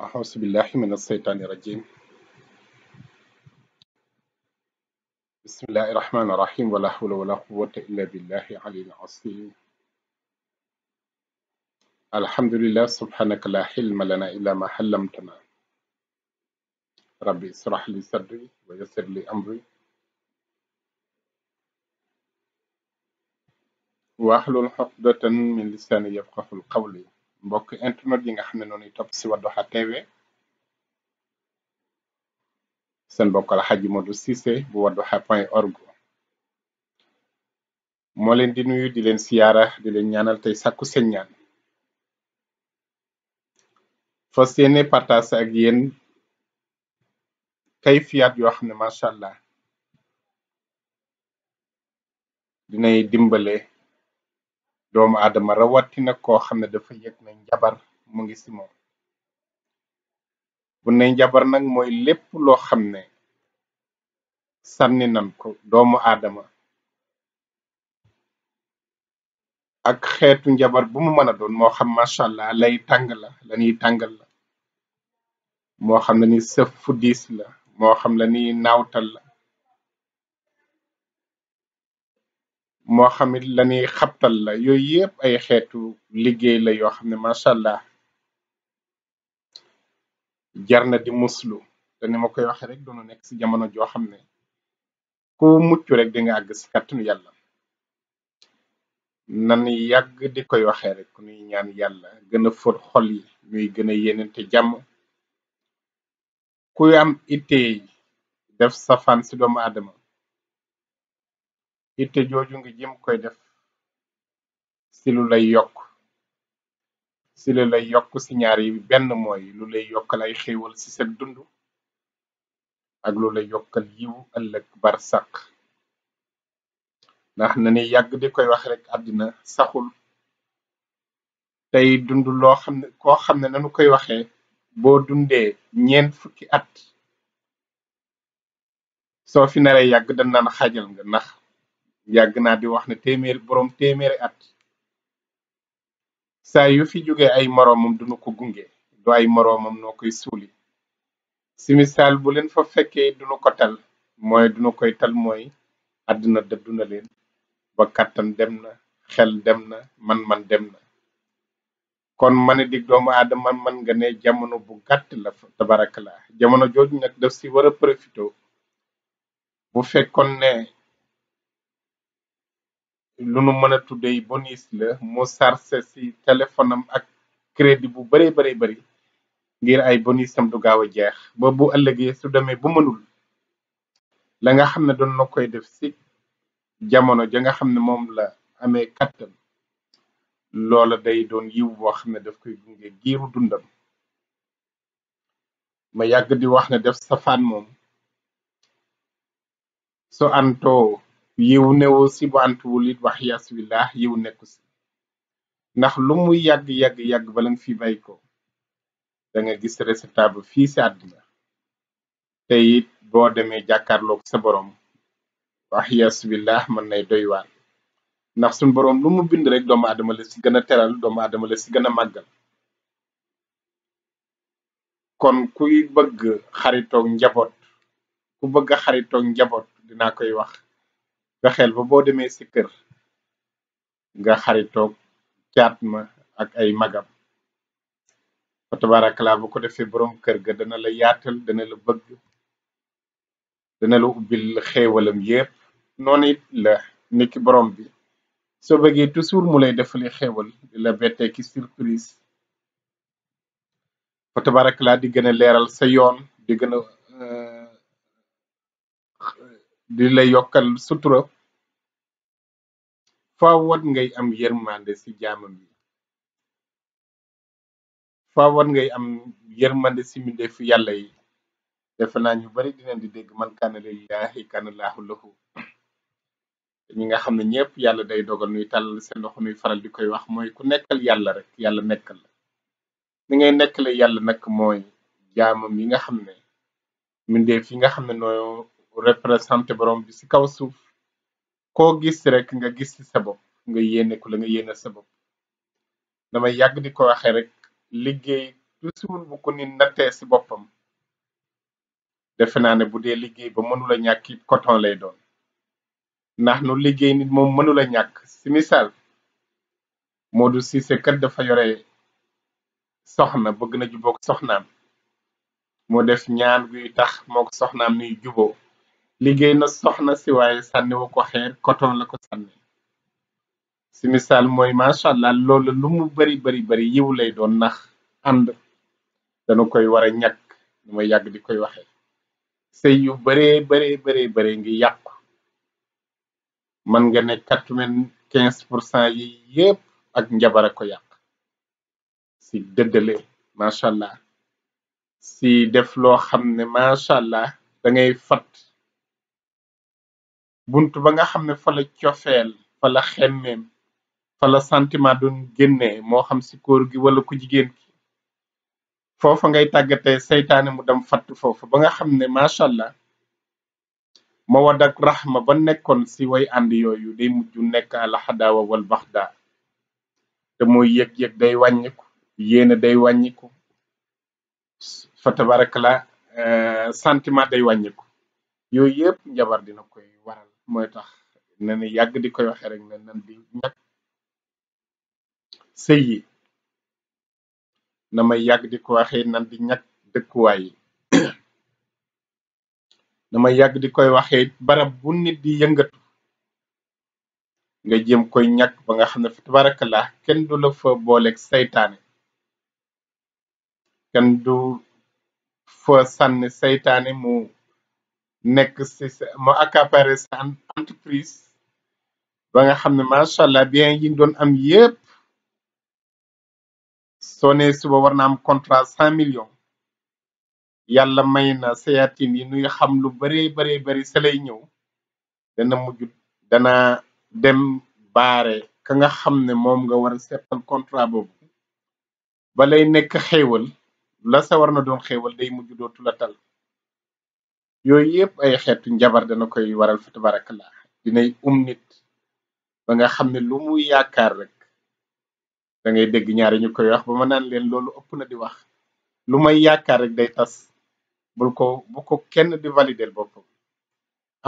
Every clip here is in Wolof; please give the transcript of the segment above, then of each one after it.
أعوذ بالله من الشيطان الرجيم بسم الله الرحمن الرحيم ولا حول ولا قوة إلا بالله علي العظيم الحمد لله سبحانك لا حلم لنا إلا ما حلمتنا ربي اشرح لي صدري ويسر لي أمري واحلل حقدة من لساني يفقه القول mbokk internet yi nga xam ne noonu topp si Wadduha TV seen mbokk Alxaaji Modou Cissé bu Wadduha point org moo leen di nuyu di leen siyaara di leen ñaanal tey sàkku seen ñaan fas yéene partage ak yéen kay fiyaat yoo xam ne macha allah dinay dimbale doomu aadama rawatina koo xam ne dafa yëg ne njabar mu ngi si moom bu ne njabar nag mooy lépp loo xam ne sànni nan ko doomu aadama ak xeetu njabar bu mu mën a doon moo xam macha allah lay tàng la la ñuy tàngal la moo xam la ni sëf fu diis la moo xam la ni naawtal la moo xamit la ñuy la yooyu yëpp ay xeetu liggéey la yoo xam ne macha allah jar na di muslo te ni ma koy waxee rek doonu nekk ci jamono joo xam ne ku mucc rek di nga àgg si kàttanu yàlla nan yàgg di koy waxee rek nuy ñaan yàlla gën a fóot xol yi ñuy gën a yéenante jàmm ku am ittee def safaan si doomu aadama itte jooju nga jéem koy def ci lu lay yokk ci lu lay yokk ci ñaar benn mooy lu lay yokkal ay xéewal ci sa dund ak lu lay yokkal yiw ëllëg barsàq ndax na ni yàgg di koy wax rek àddina saxul tey dund loo xam ne koo xam ne nanu koy waxe boo dundee ñeent fukki at soo fi naree yàgg danaan xaajal nga ndax yàgg naa di wax ne téeméer boroom téeméeri at saa yu fi jóge ay moroomam duñu ko gunge du ay moroomam noo koy suuli si misaal bu leen fa fekkee duñu ko tal mooy duñu koy tal mooy àdduna dëddu na leen ba kàttan dem na xel dem na man-man dem na kon ma ne dig doomu man nga ne jamono bu gàtt la fa tabaraka la jamono jooju nag daf si war a profité bu fekkoon lunu nu mën a tuddee bonus la mu sarse si téléphone ak crédit bu bëree bëri bëri ngir ay bonusam du gaaw a jeex ba bu ëllëgee su demee bu mënul la nga xam ne doon na koy def si jamono ja nga xam ne moom la amee kattan loola day doon yiw boo xam ne daf koy gunge giiru dundam ma yàgg di wax ne def safaan moom su antoo yiw newu si bu antuwul it wax yas willaah yiw nekku si ndax lu mu yàgg-yàgg-yàgg bala nga fi bàyyi ko da gis résultat ba fii si àdduna te it boo demee jàkkaarloog sa boroom wax yas willaah mën nay doy ndax suñ boroom lu mu bind rek doomu aadama la ci gën a teral doomu aadama la ci gën a màggal kon kuy bëgg xaritoog njaboot ku bëgg xaritoog njaboot dinaa koy wax xel ba boo demee si kër nga xaritoog caat ma ak ay magam fa tabaarakala bu ko defee borom kër ga dana la yaatal dana la bëgg dana la ubbil xéewalam yépp noonu it la niki borom bi soo bëggee toujours mu lay defali xéewal di la bettee ki surprise fa tabaarakala di gën a leeral sa yoon di gën a euh, di la yokkal sutura faawoot ngay am yërmande si jaamam yi faawoot ngay am yërmande ci mbindeefu yàlla yi defe naa ñu bari dinañ di dégg man kaana lillaahi kaana laahu lahu ñi nga xam ne ñëpp yàlla day dogal nuy tàllal seen loxo nuy faral di koy wax mooy ku nekkal yàlla rek yàlla nekkal la ni ngay nekkale yàlla nag mooy jaamam yi nga xam ne mbindeef yi nga xam ne nooy représenté borom bi si kaw suuf koo gis rek nga gis ci sa bopp nga yéene ku la nga yéene sa bopp damay yàgg di ko waxee rek liggéey toujours bu ko ni nattee si boppam defe naa ne bu dee liggéey ba mënula ñàkk it coton lay doon ndax nu liggéey nit moom mënula ñàkk si moo du Cissé kat dafa yore soxna bëgg na jubóog soxnaam moo def ñaan guy tax mook soxnaam nuy juboo liggéey na soxna si waaye sànniwu ko xeer coton la ko sànni si misaal mooy macha allah loolu lu mu bari bari bari yiw lay doon nax ànd dana koy war a ñàkk nu ma yàgg di koy waxee sëy yu baree bare ngi yàqu mën nga ne quatre-vingt-quinze pour cent yi yépp ak njabarako a yàq si dëddale macha allah si def loo xam ne macha allah da ngay fat bunt ba nga xam ne fala la cofeel fa la xemmeem sentiment doon génnee moo xam si kóor gi wala ko jigéen ki foofa ngay tàggatee seytaane mu dem fatt foofa ba nga xam ne macha allah mawadda ak raxma ba nekkoon si way ànd yooyu day mujj nekk alxadaawa wal baxdaa te mooy yëg-yëg day wàññiku yéene day wàññiku fa tabarakala eh, sentiment day wàññiku yooyu yëpp njabar dina koy mooy tax ne ni yàgg di koy waxe rek ne nan di ñàkk sëy yi na may yàgg di ko waxee nan dëkkuwaay yi yàgg di koy waxe barab bu nit di yëngatu nga jéem koy ñàkk ba nga xam ne fa tabarakallah kenn du la fa booleeg saytaane kenn du fa sànni saytaane mu nekk si sa mu accaparé sa entreprise ba nga xam ne macha allah bien yi doon am yépp soo nee suba war na am contrat cent million yàlla may na sayatin yi nuy xam lu baree baree bari sa ñëw dana mujj dana dem bare ka nga xam ne moom nga war a seppal contrat boobu ba lay nekk xéewal la sa war na doon xéewal day mujj dootu la yooyu yëpp ay xeetu njabar dana koy waral fa tabarakallah dinay um nit ba nga xam ne lu muy yaakaar rek da ngay dégg ñaar ñu koy wax ba ma naan leen loolu ëpp na di wax lu may yaakaar rek day tas bul ko bu ko kenn di valider boppam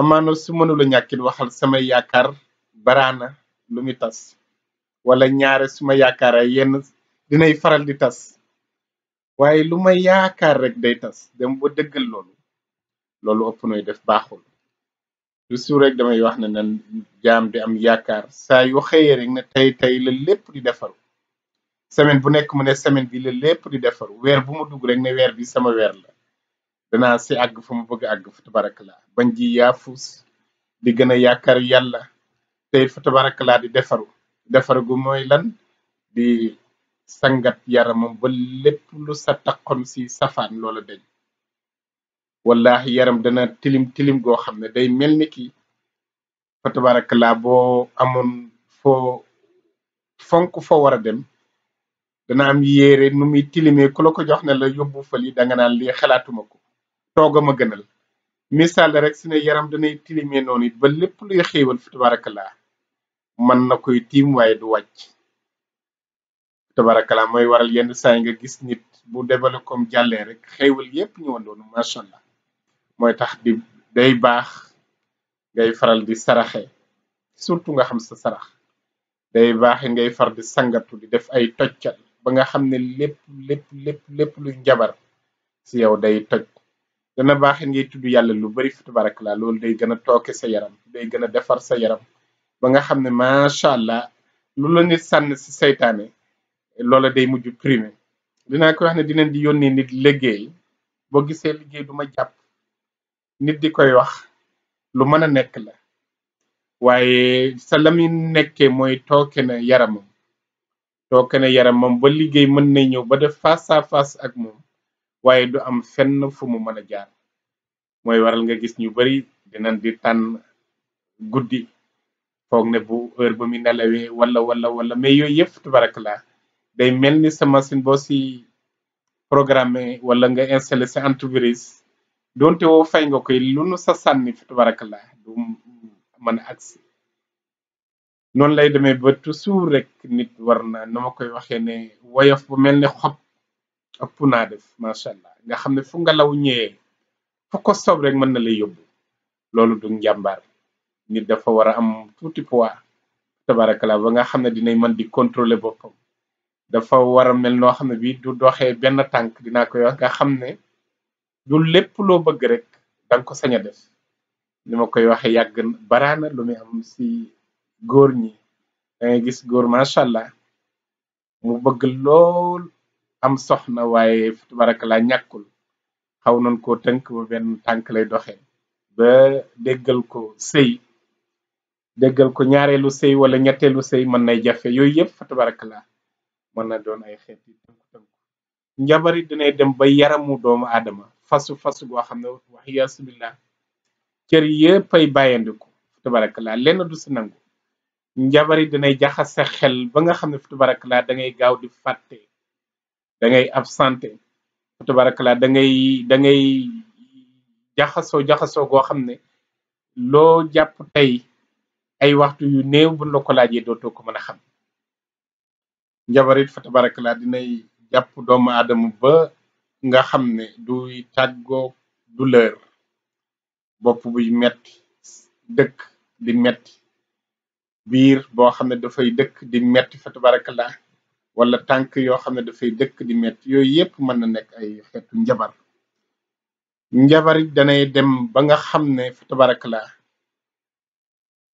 amaano su mënula ñàkkit waxal samay yaakaar baraana lu muy tas wala ñaare suma ma yaakaar yenn dinay faral di tas waaye lu may yaakaar rek day tas dem ba dëggal loolu loolu ëpp nuy def baaxul toujours rek damay wax na nan jaam di am yaakaar saa yu xëyee rek ne tey tey la lépp di defaru semaine bu nekk mu ne semaine bi la lépp di defaru weer bu mu dugg rek ne weer bi sama weer la danaa si àgg fa mu bëgg àgg fa tabarakalaa bañ ji yaafuus di gën a yaakaar yàlla tey fa tabarakalaa di defaru defaru gu mooy lan di sangat yaramam ba lépp lu sa si safaan loola deñ wallahi yaram dana tilim tilim goo xam ne day mel ni kii fa tabarakallah boo amoon foo fonk foo war a dem dana am yéere nu muy tilimee ku la ko jox ne la yóbbu fali da nga naan lii xalaatuma ko tooga ma gënal misaal rek si ne yaram danay tilimee noonu it ba lépp luy xéewal fa tabarakallah mën na koy tiim waaye du wàcc tabarakallah mooy waral yenn saa yi nga gis nit bu debale comme jàllee rek xéewal yépp ñëwandoonu macha allah moy tax di day bax ngay faral di saraxe surtout nga xam sa sarax day bax ngay far di sangatu di def ay toccal ba nga xamné lépp lépp lépp lépp lu jabar ci yow day tocc dana bax ngay tuddu yàlla lu bari fi tabarakalla lol day gëna toké sa yaram day gëna defar sa yaram ba nga xamné ma sha allah lu la nit sànn ci saytaane lola day muju primé dina ko wax ne dinañ di yónnee nit liggéey bo gisé liggéey duma jàpp nit di koy wax lu mën a nekk la waaye sa lamin nekke mooy tooke na yaramam tooke na yaramam ba liggéey mën na ñëw ba def face à face ak moom waaye du am fenn fu mu mën a jaar mooy waral nga gis ñu bari dinañ di tànn guddi foog na bu heure ba mu nelawee wala wala wala mais yooyu yëpp la day mel ni sa machine boo si programmé wala nga installé sa antivirus donte woo fay nga koy lu nu sa sànni fi tabarakallah du mën a agsi noonu lay demee ba toujours rek nit war na na ma koy waxee ne woyof bu mel ne xob ëpp naa def macha allah nga xam ne fu nga law ñëwee fu ko sob rek mën na lay yóbbu loolu du njàmbaar nit dafa war a am tuuti poids tabarakallah ba nga xam ne dinay mën di contrôler boppam dafa war a mel noo xam ne bii du doxee benn tànk dinaa koy wax nga xam ne du lépp loo bëgg rek da ko sañ a def ni ma koy waxe yàgg baraana lu muy am si góor ñi da ngay gis góor macha allah mu bëgg lool am soxna waaye tabarakallah ñàkkul xaw nañ ko tënk ba benn tànk lay doxe ba déggal ko sëy déggal ko ñaareelu sëy wala ñetteelu sëy mën nay jafe yooyu yëpp fa tabarakallah mën na doon ay xeet yi tënku tënku njabarit dinay dem ba yaramu doomu aadama fasu fasu goo xam ne wax yasubillah cër yëpp ay bàyyandiku fu tabarakallah lenn du si nangu njabar yi danay jaxase xel ba nga xam ne fu tabarakallah da ngay gaaw di fàtte dangay ngay absenté fu tabarakallah dangay ngay da ngay jaxasoo jaxasoo goo xam ne loo jàpp tey ay waxtu yu néew buñ la ko laajee dootoo ko mën a xam njabar it fa tabarakallah dinay jàpp doomu aadama ba nga xam ne duy tàggoo douleur bopp bu metti dëkk di metti biir boo xam ne dafay dëkk di metti fa tabarakallah wala tànk yoo xam ne dafay dëkk di metti yooyu yépp mën na nekk ay xeetu njabar njabar danay dem ba nga xam ne fa tabarakallah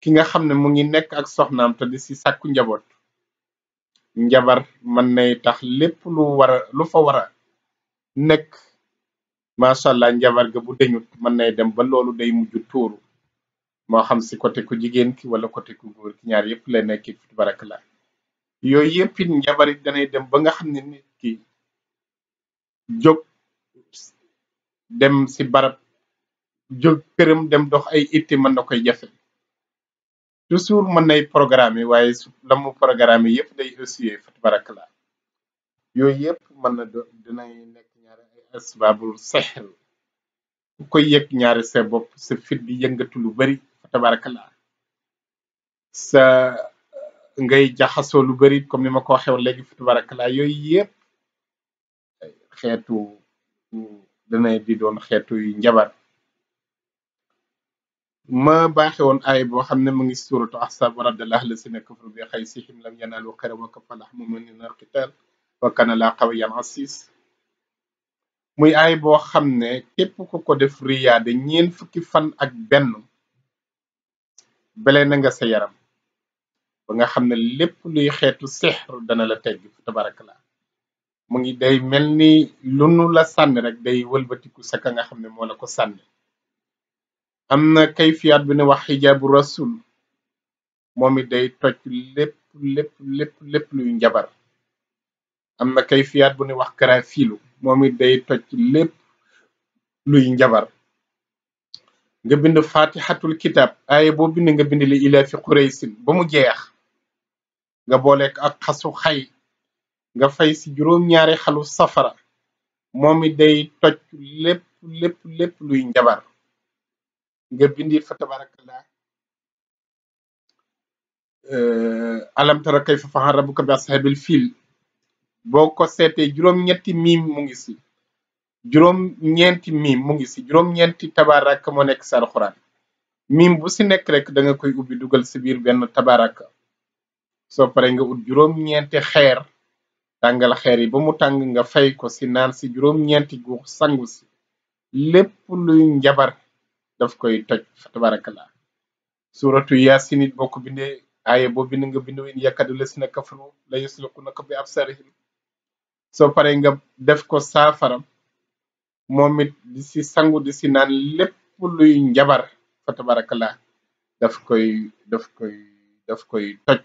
ki nga xam ne mu ngi nekk ak soxnaam te di si sàkku njaboot njabar mën nay tax lépp lu war lu fa war a nekk macha allah njabar ga bu deñut mën nay dem ba loolu day mujj tuuru moo xam si côté ko jigéen ki wala côté ko góor ki ñaar yëpp la nekk fi barakala yooyu yëpp it njabar it danay dem ba nga xam ne nit ki jóg dem si barab jóg këram dem dox ay itti mën na koy jafe toujours mën nay programme waaye su la mu programme yëpp day essuyé fi barakala yooyu yëpp mën na dinay nekk asbaabul sihr ku koy yëg ñaari sa bopp sa fit di yëngatu lu bari fa tabarakallah sa ngay jaxasoo lu bari comme ni ma ko waxee woon léegi fa tabarakallah yooyu yëpp xeetu dana di doon xeetu yu njabar ma baaxe woon ay boo xam ne mu ngi suratu ahzab wa radda llaahu llaziina kafaru bi xaysihim lam yanaalu xayran wa kafaa lahum minal qitaal wa kaana llaahu qawiyyan aziizan muy ay boo xam ne ko ku ko def riyaade ñeen fukki fan ak benn bele na nga sa yaram ba nga xam ne luy dana la tegg fi mu ngi day mel ni la sànni rek day sa ka nga xam ne la ko sànni amna na kayfiyaat bu ne wax xijaabu rasul moom it day toj lépp lépp lépp lépp luy njabar am na bu wax moom it day toj luy njabar nga bind fatihatul kitab aaye boo bind nga bind li ila fi quraysin ba mu jeex nga booleek ak xasu xay nga fay si juróom-ñaari xalu safara moom it day toj lépp lépp luy njabar nga bindi fa tabarakallah euh, alam tara fa faxal rabbuka bi ashabil fiil boo ko seetee juróom-ñetti miim mu ngi si juróom-ñeenti miim mu ngi si juróom-ñeenti tabarak moo nekk si alxuraan bu si nekk rek da koy ubbi dugal si biir benn tabarak soo paree nga ut juróom-ñeenti xeer tàngal xeer yi ba mu tàng nga fay ko si naan si juróom-ñeenti guux sangu si lépp luy njabar daf koy toj fa la suratu yaasin it boo ko bindee aaye boo bind nga bind wa in si lasina kafaru la yusliqunaka bi absarihim soo paree nga def ko saafara moom it di si sangu di si naan lépp luy njabar fa tabarakallah daf koy daf koy daf koy toj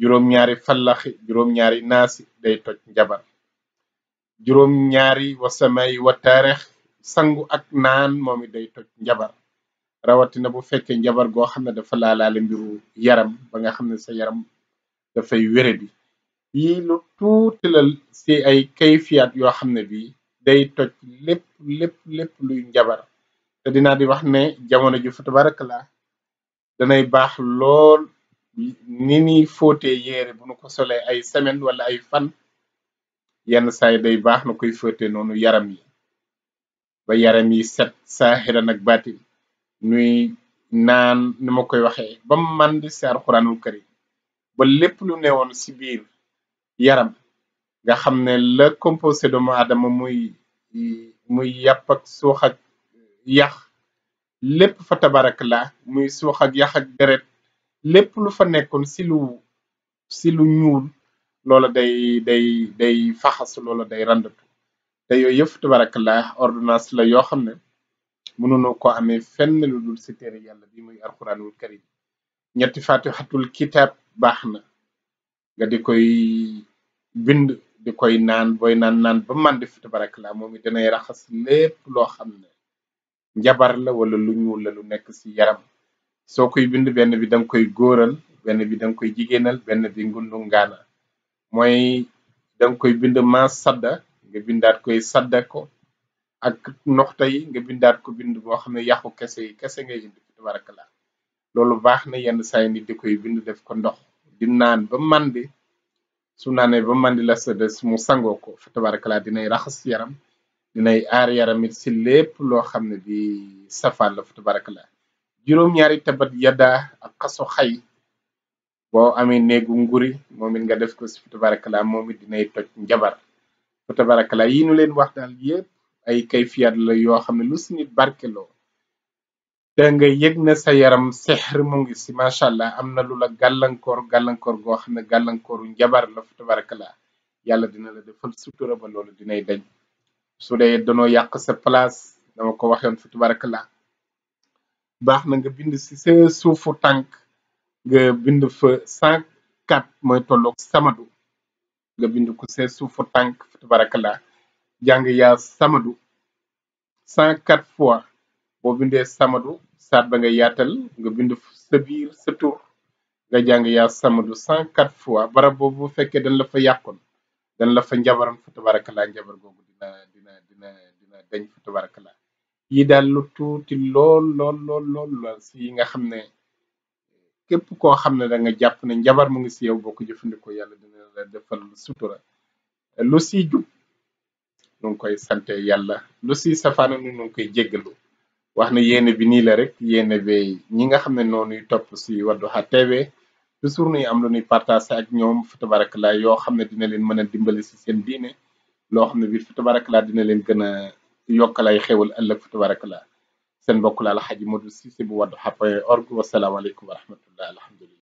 juróom-ñaari fallaxi juróom-ñaari naasi day toj njabar juróom-ñaari wasamay wa taarix sangu ak naan moom day toj njabar rawatina bu fekkee njabar goo xam ne dafa laalaale mbiru yaram ba nga xam ne sa yaram dafay wéré bi yii lu tuuti la ci ay kayfiyaat yoo xam ne bii day toj lépp lépp luy njabar te dinaa di wax ne jamono ji fa la danay baax lool ni niy fóotee yére bu nu ko solee ay semaine wala ay fan yenn saay day baax na koy fóote noonu yaram yi ba yaram yi set saaxiran ak baatin nuy naan ni ma koy waxee ba man di si alxuraanul ba lépp lu newoon ci biir yaram nga xamne le composé do mo adam muy muy yap ak sox ak yah lépp fa tabarak la muy sox ak yah ak deret lépp lu fa nekkon si lu si lu ñuul lola day day day faxas lola day randatu te yoy yef tabarak la ordonnance la yo xamne munu no ko amé fenn lu dul ci téré yàlla bi muy alquranul karim ñetti fatihatul kitab baxna nga di koy bind di koy naan boy naan naan ba man di fi tabarakallah moom it danay raxas lépp loo xam ne njabar la wala lu ñuul la lu nekk ci yaram soo koy bind benn bi danga koy góoral benn bi danga koy jigéenal benn bi ngundungaana mooy danga koy bind ma sadda nga bindaat koy sadda ko ak noxta yi nga bindaat ko bind boo xam ne yàqu kese yi kese ngay indi fi tabarakallah loolu baax na yenn saa nit di koy bind def ko ndox di naan ba màndi su naanee ba mandi la sa des mu sangoo ko fa tabarakalaa dinay raxas yaram dinay ar yaramit it si lépp loo xam ne di safaan la fa tabarakalaa juróom-ñaari tabat yada ak xaso xay boo amee néegu nguri moom it nga def ko si fa tabarakalaa moom it dinay toj njabar fa tabarakalaa yi nu leen wax daal yépp ay kayfiyaat la yoo xam ne lu si nit barkeloo da nga yëg ne sa yaram sexr mu ngi si macha allah am na lu la gàllankoor gàllankoor goo xam ne gàllankooru njabar la fa la yàlla dina la defal sutura ba loolu dinay dañ su dee danoo yàq sa place dama ko waxoon fa tabarakallah baax na nga bind si sa suufu tànk nga bind fa cent quatre mooy tolloog samadu nga bind ko se suufu tànk fa tabarakallah jàng yaa samadu cent quatre fois boo bindee samadu saat ba nga yaatal nga bind sa biir sa tur nga jàng yaa samadu cent quatre fois barab boobu bu fekkee dañ la fa yàqoon dañ la fa njabaram fa tabarakalaa njabar googu dina dina dina dina dañ fa tabarakalaa yi daal lu tuuti lool lool lool lool si yi nga xam ne képp koo xam ne da nga jàpp ne njabar mu ngi si boo ko jëfandikoo yàlla dina la defal sutura lu si jub nu ngi koy sante yàlla lu si safana nu ngi koy jéggalu wax ne yéene bi nii la rek yéene be ñi nga xam ne noonuy topp si wadu Wadduha TV toujours nuy am lu ñuy partagé ak ñoom fa tabarakalaa yoo xam ne dina leen mën a dimbali si seen diine loo xam ne biir fa tabarakalaa dina leen gën a yokkal ay xéwal ëllëg fa tabarakalaa seen mbokk la Alxaaji Modou si bu Wadduha point org wasalaamaaleykum wa rahmatullah alhamdulilah